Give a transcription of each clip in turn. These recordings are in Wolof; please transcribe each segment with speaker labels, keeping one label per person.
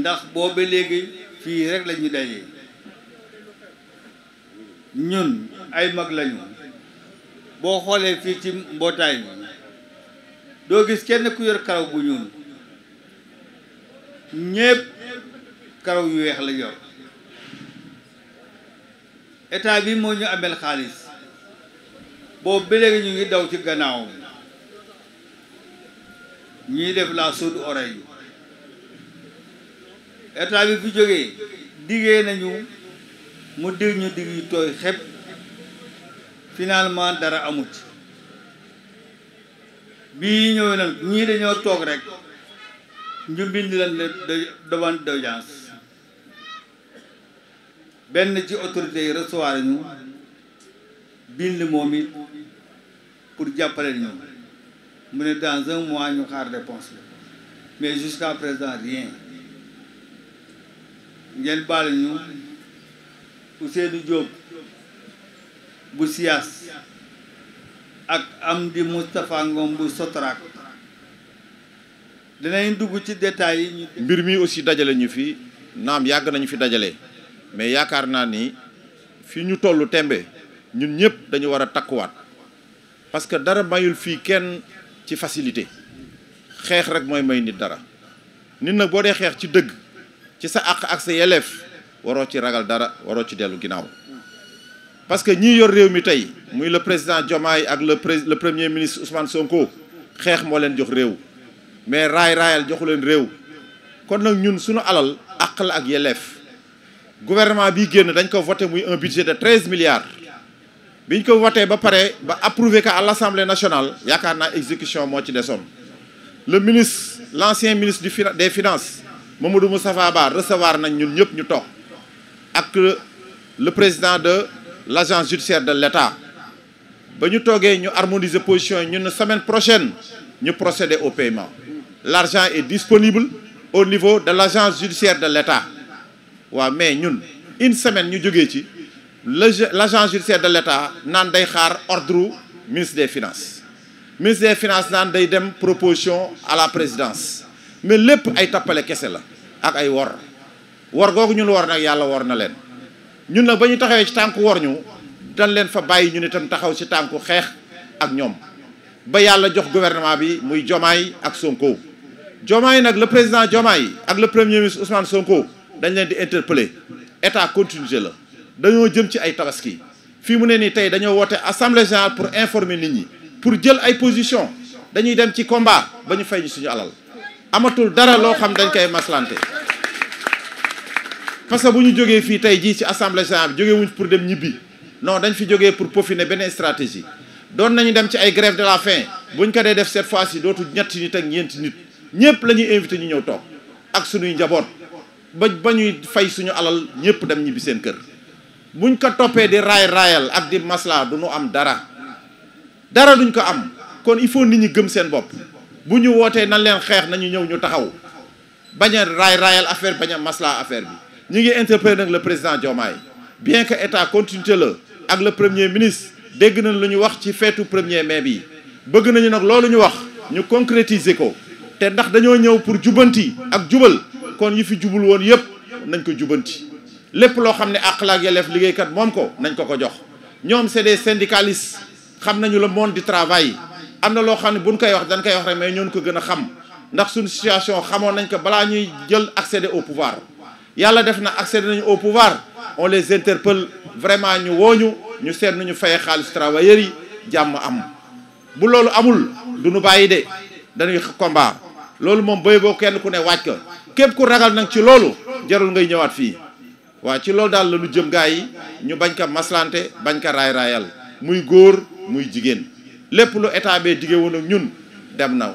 Speaker 1: ndax booba léegi fii rekk lañuy daje ñun ay mag lañu boo xoolee fii ci mbootaay mi doo gis kenn ku yor karaw bu ñuul ñépp karaw yu weex la yor état bi moo ñu amel xaalis boobu léegi ñu ngi daw ci gannaawam ñii def la sourde oreille état bi fi jógee diggee nañu mu dig ñu dig yu tooy xepp finalement dara amut bii ñëw nag ñii dañoo toog rek ñu bind leen demande d'audience benn ci autorité yi recevoir ñu bind moom it pour jàppale ñu mu ne dans un mois ñu xaar réponse bi mais jusqu'à présent rien ngeen baal ñu seeni Diop bu SIAS ak am Amdi Moustapha Ngom bu Sotrac dinañ dugg ci détails
Speaker 2: yi. mbir mi aussi dajale ñu fi naam yàgg nañu fi dajale mais yaakaar naa ni fi ñu tollu tembe ñun ñëpp dañu war a takkuwaat parce dara mayul fii kenn. ci facilité xeex rek mooy may nit dara nit nag boo dee xeex ci dëgg ci sa àq ak sa yelleef waroo ci ragal dara waroo ci dellu ginnaaw parce que ñii yor réew mi tey muy le président Diomaye ak le le premier ministre Ousmane Sonko xeex moo leen jox réew mais raay raayal joxu leen réew kon nag ñun suñu alal àq la ak yelleef gouvernement bi génn dañ ko voté muy un budget de treize milliards biñ ko wotee ba pare ba approuvé ko à l'Assemblée nationale yaakaar naa exécution moo ci desoon le ministre l'ancien ministre du des finances Mamadou Moustapha Ba recevoir nañ ñun ñëpp ñu toog ak le président de l'agence judiciaire de l'État ba ñu toogee ñu harmoniser position yi ñun semaine prochaine ñu procéder au paiement l'argent est disponible au niveau de l'agence judiciaire de l'État waaw mais ñun une semaine ñu jógee ci l'agent judiciaire de l'État naan day xaar ordre ministre des finance ministre des finances naan day dem proposition à la présidence mais lépp ay tappale kese la ak ay wor wor googu ñun wor nag yàlla wor na leen ñun nag ba ñu taxawee ci tànk wor ñu dañ leen fa bàyyi ñun itam taxaw ci tànku xeex ak ñoom ba yàlla jox gouvernement bi muy Diomaye ak Sonko Diomaye nag la président Diomaye ak le premier ministre Ousmane Sonko dañ leen di interpeller état continuité la dañoo jëm ci ay tabaski fii mu ne nii tey dañoo woote assemblée générale pour informer nit ñi pour jël ay position dañuy dem ci combat ba ñu fay suñu alal amatul dara loo xam dañ koy maslante parce que bu ñu jógee fii tey jii ci assemblée générale pour dem ñibbi non dañ fi jógee pour peaufiner benn stratégie doon nañu dem ci ay de la faim buñ ko dee def cette fois ci dootu ñetti nit ak ñeenti nit ñëpp la invité ñu ñëw toog ak suñuy njaboot ba ñuy fay suñu alal ñëpp dem ñibbi seen kër buñ ko toppee di raay raayal ak di maslaa du ñu am dara dara duñ ko am kon il faut nit ñi gëm seen bopp bu ñu wootee nan leen xeex nañu ñëw ñu taxaw bañ a raay raayal affaire bañ a maslaa affaire bi ñu ngi interpellé nag le président jomaay bien que état continuité la ak le premier ministre dégg nañ lu ñu wax ci feetu premier mai bi bëgg nañu nag loolu ñu wax ñu concrétiser ko te ndax dañoo ñëw pour jubanti ak jubal kon yi fi jubul woon yëpp nañ ko jubanti lépp loo xam ne àq la ak yelleef liggéeykat moom ko nañ ko ko jox ñoom c'est des syndicalistes xam nañu le monde du travail am na loo xam ne buñ koy wax dañ koy wax rek mais ñoon ko gën a xam ndax suñu situation xamoon nañ ko balaa ñuy jël accéder au pouvoir yàlla def na accéder nañu au pouvoir on les interpelle vraiment ñu wooñu ñu seet nañu ñu xaalis travailleurs yi jàmm am bu loolu amul du ñu bàyyi de dañuy combat loolu moom béy boo kenn ku ne wàcc ko képp ku ragal nag ci loolu jarul ngay ñëwaat fii waa ci loolu daal la lu jëm gaa yi ñu bañ ko maslante bañ ko raay raayal muy góor muy jigéen lépp lu état be dige woon ñun dem na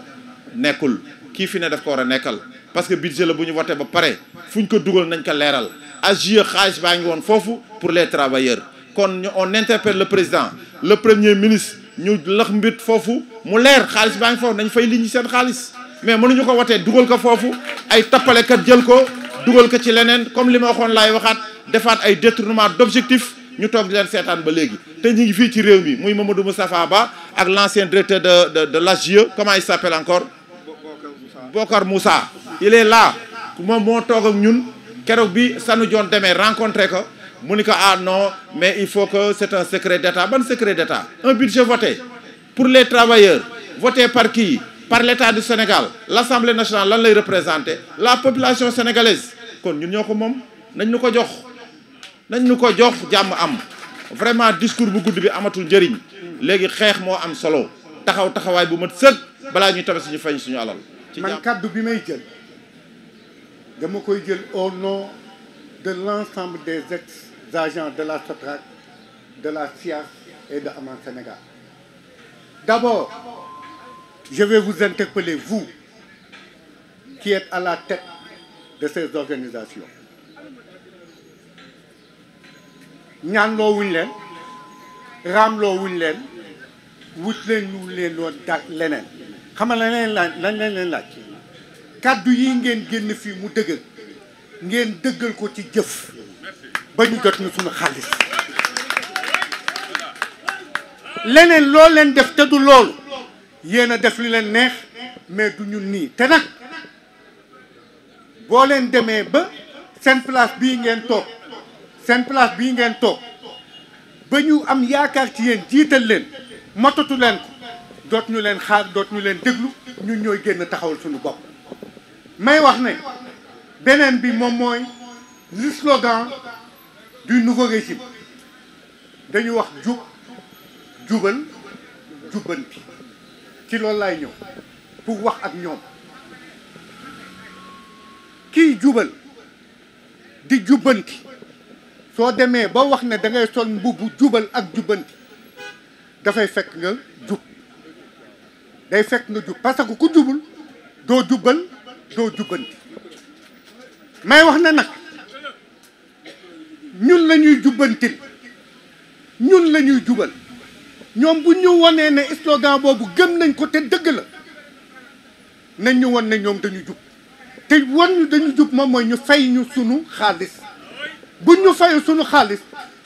Speaker 2: nekkul kii fi ne def ko war a nekkal parce que budget la bu ñu wote ba pare fu ñu ko dugal nañ ko leeral agie xaalis baa ngi woon foofu pour les travailleurs kon ñu on interpelle le président le premier ministre ñu lax mbit foofu mu leer xaalis baa ngi foofu nañ fay li ñu seen xaalis mais mënuñu ko watee dugal ko foofu ay tappalekat jël ko dugal ko ci leneen comme li ma waxoon laay waxaat defaat ay détournement d'objectif ñu toog leen seetaan ba léegi te ñu ngi fii ci réew mi muy Mamadou Moustapha Ba ak l'ancien directeur de de de l'AGE comment il s'appelle encore Bokar Moussa il est là moom moo toog ak ñun keroog bi sanu joon demee rencontré ko mu ni ko ah non mais il faut que c'est un secret d'État ban secret d'État un budget voté pour les travailleurs voté par qui par l'État du Sénégal l'Assemblée nationale lan lay représenter la population sénégalaise kon ñun ñoo ko moom nañ ñu ko jox nañ ñu ko jox jàmm am vraiment discours bu gudd bi amatul njëriñ léegi xeex moo am solo taxaw taxawaay bu mat sëkk balaa ñuy tabaski ñu fay suñu alal. man
Speaker 3: kàddu bi may jël dama koy jël au nom de l'ensemble des ex-agents de la SOTRAC de la SIAS et de Aman Sénégal d'abord je vais vous interpeller vous qui êtes à la tête de ces organisations ñaan loo wuñ leen raam loo wuñ leen wut leen ñu leen loo leneen xamal la leen laaj lañ leen leen laaj kàddu yi ngeen génn fii mu dëggal ngeen dëggal ko ci jëf ba ñu jot ñu suñu xaalis leneen loo leen def te du loolu yéen a def li leen neex mais du ñun nii te nag boo leen demee ba seen place bii ngeen toog seen place bii ngeen toog ba ñu am yaakaar ci yéen jiital leen motatu leen ko doot ñu leen xaar doot ñu leen déglu ñu ñooy génn taxawal suñu bopp may wax ne beneen bi moom mooy le slogan du nouveau régime dañu wax jub jubal jubbanti ci loolu laay ñëw pour wax ak ñoom di jubal di jubbanti soo demee ba wax ne dangay ngay sol mbubu jubal ak jubbanti dafay fekk nga jub day fekk nga jub parce que ku jubul doo jubal doo jubbanti may wax na nag ñun la ñuy jubbantil ñun la ñuy jubal ñoom bu ñu wanee ne slogan boobu gëm nañ ko te dëgg la nañ ñu wan ne ñoom dañu jub te wan ñu dañu jub ma mooy ñu fay ñu sunu xaalis buñ ñu fayu sunu xaalis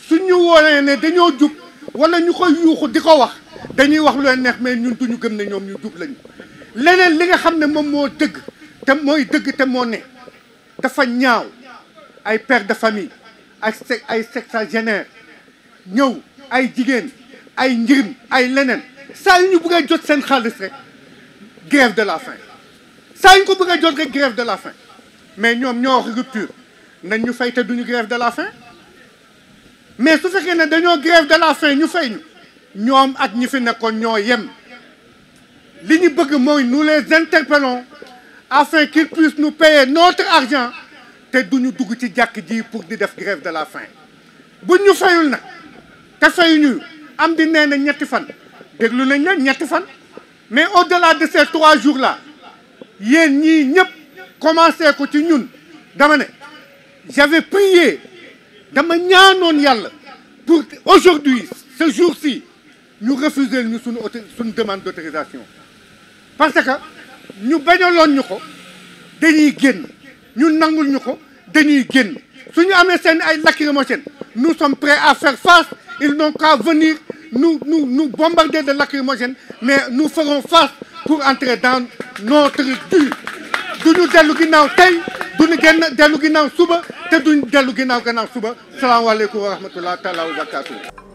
Speaker 3: suñ ñu woonee ne dañoo jub wala ñu koy yuuxu di ko wax dañuy wax lu leen neex mais ñun duñu gëm ne ñoom ñu jub lañu leneen li nga xam ne moom moo dëgg te mooy dëgg te moo ne dafa ñaaw ay père de famille ay ay sexagénaire ñëw ay jigéen ay njirim ay leneen saa yu ñu buggee jot seen xaalis rek grève de la faim saa ñu ko bëgg a jot rek grève de la faim mais ñoom ñoo wax rupture nañ ñu fay te duñu grève de la faim mais su fekkee ne dañoo grève de la faim ñu fay ñu ñoom ak ñi fi nekkoon ñoo yem li ñu bëgg mooy nous les interpellons afin qu'ils puissent nous payer notre argent te duñu dugg ci jàkk ji pour di def grève de la fin buñ ñu fayul na te fayuñu am di nee na ñetti fan déglu nañ leen ñetti fan mais au-delà de ces trois jours là yéen ñi ñëpp commencé ko ci ñun dama ne j'avais prié dama ñaanoon yàlla pour aujourd'hui ce jour si ñu refuser ñu suñu auto suñu demande d'autorisation parce que ñu bañaloon ñu ko dañuy génn ñu nangul ñu ko dañuy génn su ñu amee seen ay lacrymogène nu sommes prêts à faire face ils n'ont qu'à venir nous nous nous bombarder de lacrymogène mais nu ferons face pour entrer dans notre but duñu dellu ginnaaw tey duñu génn dellu ginnaaw suba te duñ dellu ginnaaw gannaaw suba salaamaaleykum wa
Speaker 2: rahmatullah taala wa barakatuh